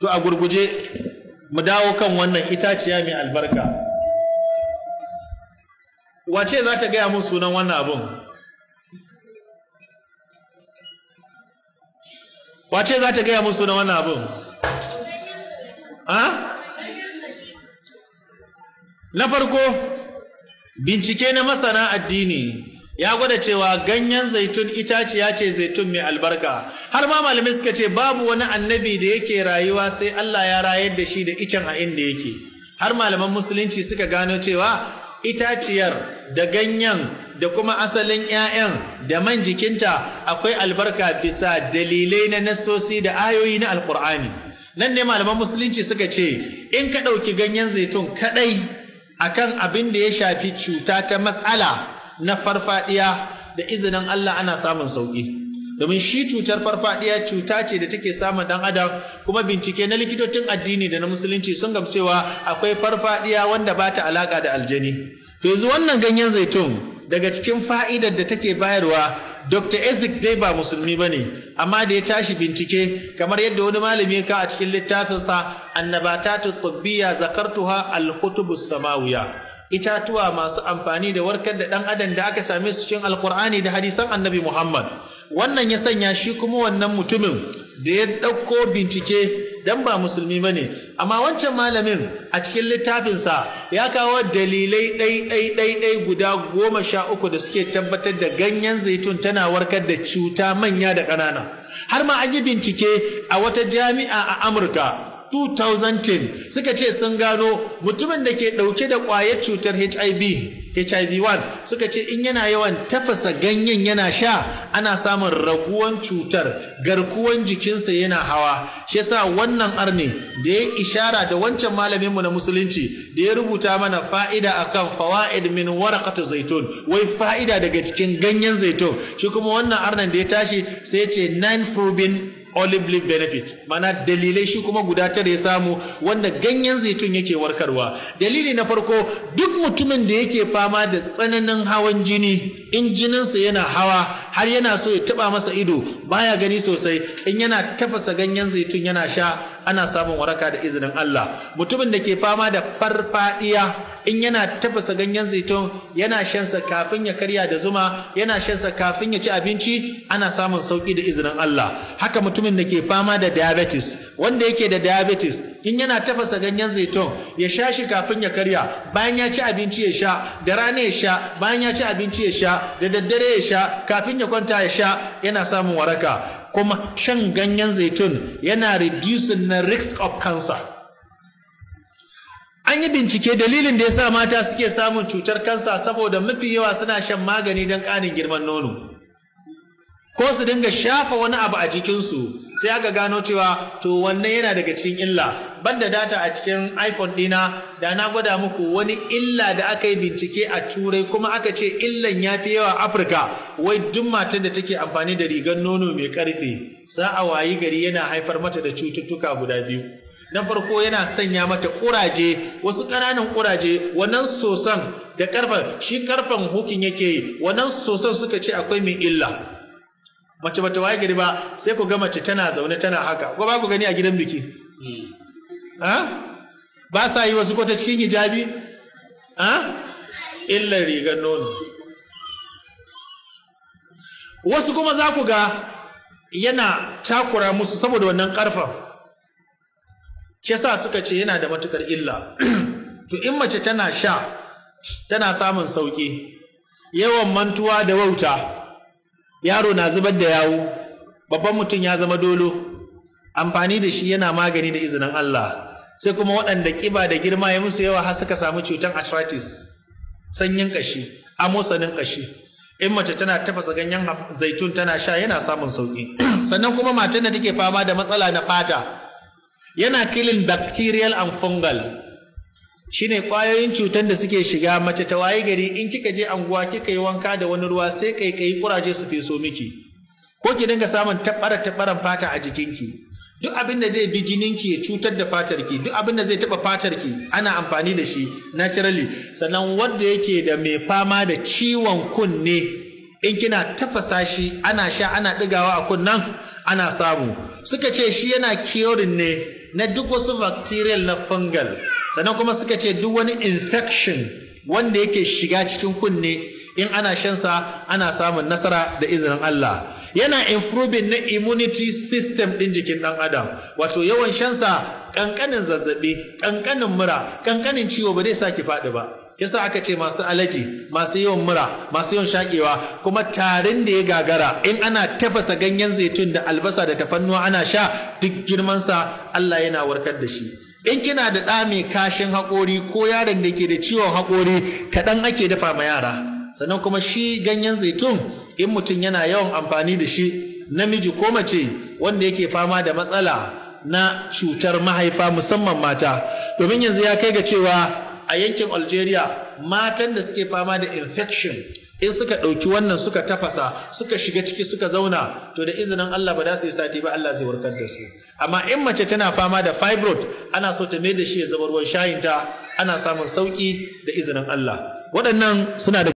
to a gurguje mu dawo kan wannan itaciya mai albarka wace za ta gaya mun sunan wannan abun wace za ta gaya mun sunan wannan abun ha ah? na farko bincike na masana addini ya gwada cewa ganyen zaitun itaciya ce zaitun mai albarka har ma malamai suka ce babu wani annabi da yake rayuwa sai Allah ya rayar da shi da icen a inda yake har malaman musulunci suka gano cewa itaciyar da ganyen da kuma asalin 'ya'yan da man jikinta akwai albarka bisa dalilai na nasosi da ayoyi na alkur'ani nan ne malaman musulunci suka ce in ka ɗauki ganyen zaitun kaɗai akan abin da ya shafi cuta ta matsala na farfadiya da izinin Allah ana samun sauki domin shi cutar farfadiya cuta ce da take samun dan adam kuma bincike na likitocin addini da na musulunci sun gamcewa akwai farfadiya wanda ba ta alaka da aljani to yanzu wannan ganyen zaitun daga cikin fa'idar da take bayarwa Dr. Ezek dai ba musulmi ba ne, amma da ya tashi bincike kamar yadda wani malami ya ka a cikin littafinsa annabatatu tsubbiya zakartuwa al-kutubus samawiya. itatuwa masu amfani da warkar da ɗan adam da aka same su cikin alkur'ani da hadisan annabi muhammad wannan ya sanya shi kuma wannan mutumin da ya ɗauko bincike dan ba musulmi ba ne amma wancan malamin a cikin littafinsa ya kawo dalilai ɗai-ɗai-ɗai guda goma sha uku da suke tabbatar da ganyen zaitun tana warkar da cuta manya da ƙanana har ma an yi bincike a wata jami'a a amurka 2010 suka ce sun gano mutumin da ke ɗauke da kwayar cutar HIV HIV1 suka ce in yana yawan tafasa ganyen yana sha ana samun raguwan cutar garkuwan jikinsa yana hawa shi yasa wannan arne da ya ishara da wancan malaminmu na musulunci da ya rubuta mana fa'ida akan fawaid min warakata zaitun wai fa'ida daga cikin ganyen zaitun shi kuma wannan arnan da ya tashi sai ce 9 probin olive leaf benefit mana dalilai shi kuma guda tara ya samu wanda ganyen zaitun yake warkarwa dalili na farko duk mutumin da yake fama da tsananin hawan jini in jininsa yana hawa har yana so ya taba masa ido baya gani sosai in yana tafasa ganyen zaitun yana sha ana samun waraka da izinin Allah mutumin da ke fama da farfadiya in yana tafasa ganyen zaitun yana shan sa kafin ya karya da zuma yana shan sa kafin ya ci abinci ana samun sauki da izinin Allah haka mutumin da ke fama da diabetes wanda yake da diabetes in yana tafasa ganyen zaitun ya sha shi kafin ya karya bayan ya ci abinci ya sha da rana ya sha bayan ya ci abinci ya sha da daddare ya sha kafin ya kwanta ya sha yana samun waraka kuma shan ganyen zaitun yana reducing the risk of cancer an yi bincike dalilin da ya sa mata suke samun cutar kansa saboda mafi yawa suna shan magani don ƙarin girman nono ko su dinga shafa wani abu a jikinsu sai aka gano cewa to wannan yana daga cikin illa Ban da data a cikin iphone dina da na gwada muku wani illa da aka yi bincike a turai kuma aka ce illan ya fi yawa afirka wai duk matar da take amfani da rigar nono mai karfe a wayi gari yana haifar mata da cututtuka guda biyu na farko yana sanya mata ƙuraje wasu ƙananan ƙuraje wannan sosan da ƙarfen shi ƙarfen hukin yake yi wannan soson suka ce akwai mai illa mace bata waye gari ba sai ku ga mace tana zaune tana haka ko ba ku gani a gidan biki hmm. ha ba sa yi wasu ko ta cikin hijabi ha illa rigar nono wasu kuma za ku ga yana takura musu saboda wannan karfa ke sa suka ce yana da matukar illa to in mace tana sha tana samun sauki yawan mantuwa da wauta yaro na zubar da yawo babban mutum ya zama dolo amfani da shi yana magani da izinin Allah sai kuma waɗanda ƙiba da girma ya musu yawa har suka samu cutar arthritis sanyin ƙashi amosanin ƙashi in mace tana tafasa ganyen zaitun tana sha yana samun sauƙi sannan kuma matan da take fama da matsala na fata yana killing bacterial and fungal shine kwayoyin cutar da suke shiga mace ta waye gari in kika je anguwa kika yi wanka da wani ruwa sai kai kai kuraje su feso miki ko ki dinga samun tabara tabaran fata a jikinki duk abin da zai bi jininki ya cutar da fatar ki, duk abin da zai taba ki, ana amfani da shi naturally sannan wanda yake da mai fama da ciwon kunne in kina tafasa shi ana sha ana digawa a kunnan ana samu suka ce shi yana curing ne na duk wasu bacterial na fungal sannan kuma suka ce duk wani infection wanda yake shiga cikin kunne in ana shansa ana samun nasara da izinin Allah yana improving na immunity system din jikin dan adam wato yawan shansa kankanin zazzabi kankanin mura kankanin ciwo ba zai saki faɗi ba yasa aka ce masu alaji masu yawan mura masu yawan shakewa kuma tarin da ya gagara in ana tafasa ganyen zaitun da albasa da tafannuwa ana sha duk girman sa Allah yana warkar da shi in kina da ɗa mai kashin haƙori ko yaron da ke da ciwon haƙori kaɗan ake dafa ma yara sannan kuma shi ganyen zaitun in mutum yana yawan amfani da shi namiji ko mace wanda yake fama da matsala na cutar mahaifa musamman mata domin yanzu ya kai ga cewa a yankin Algeria matan da suke fama da infection in suka ɗauki wannan suka tafasa suka shiga ciki suka zauna to da izinin Allah ba za su yi sati ba Allah zai warkar da su amma in mace tana fama da fibroid ana so ta mai da shi ya zama ruwan shayinta ana samun sauƙi, da izinin Allah waɗannan suna da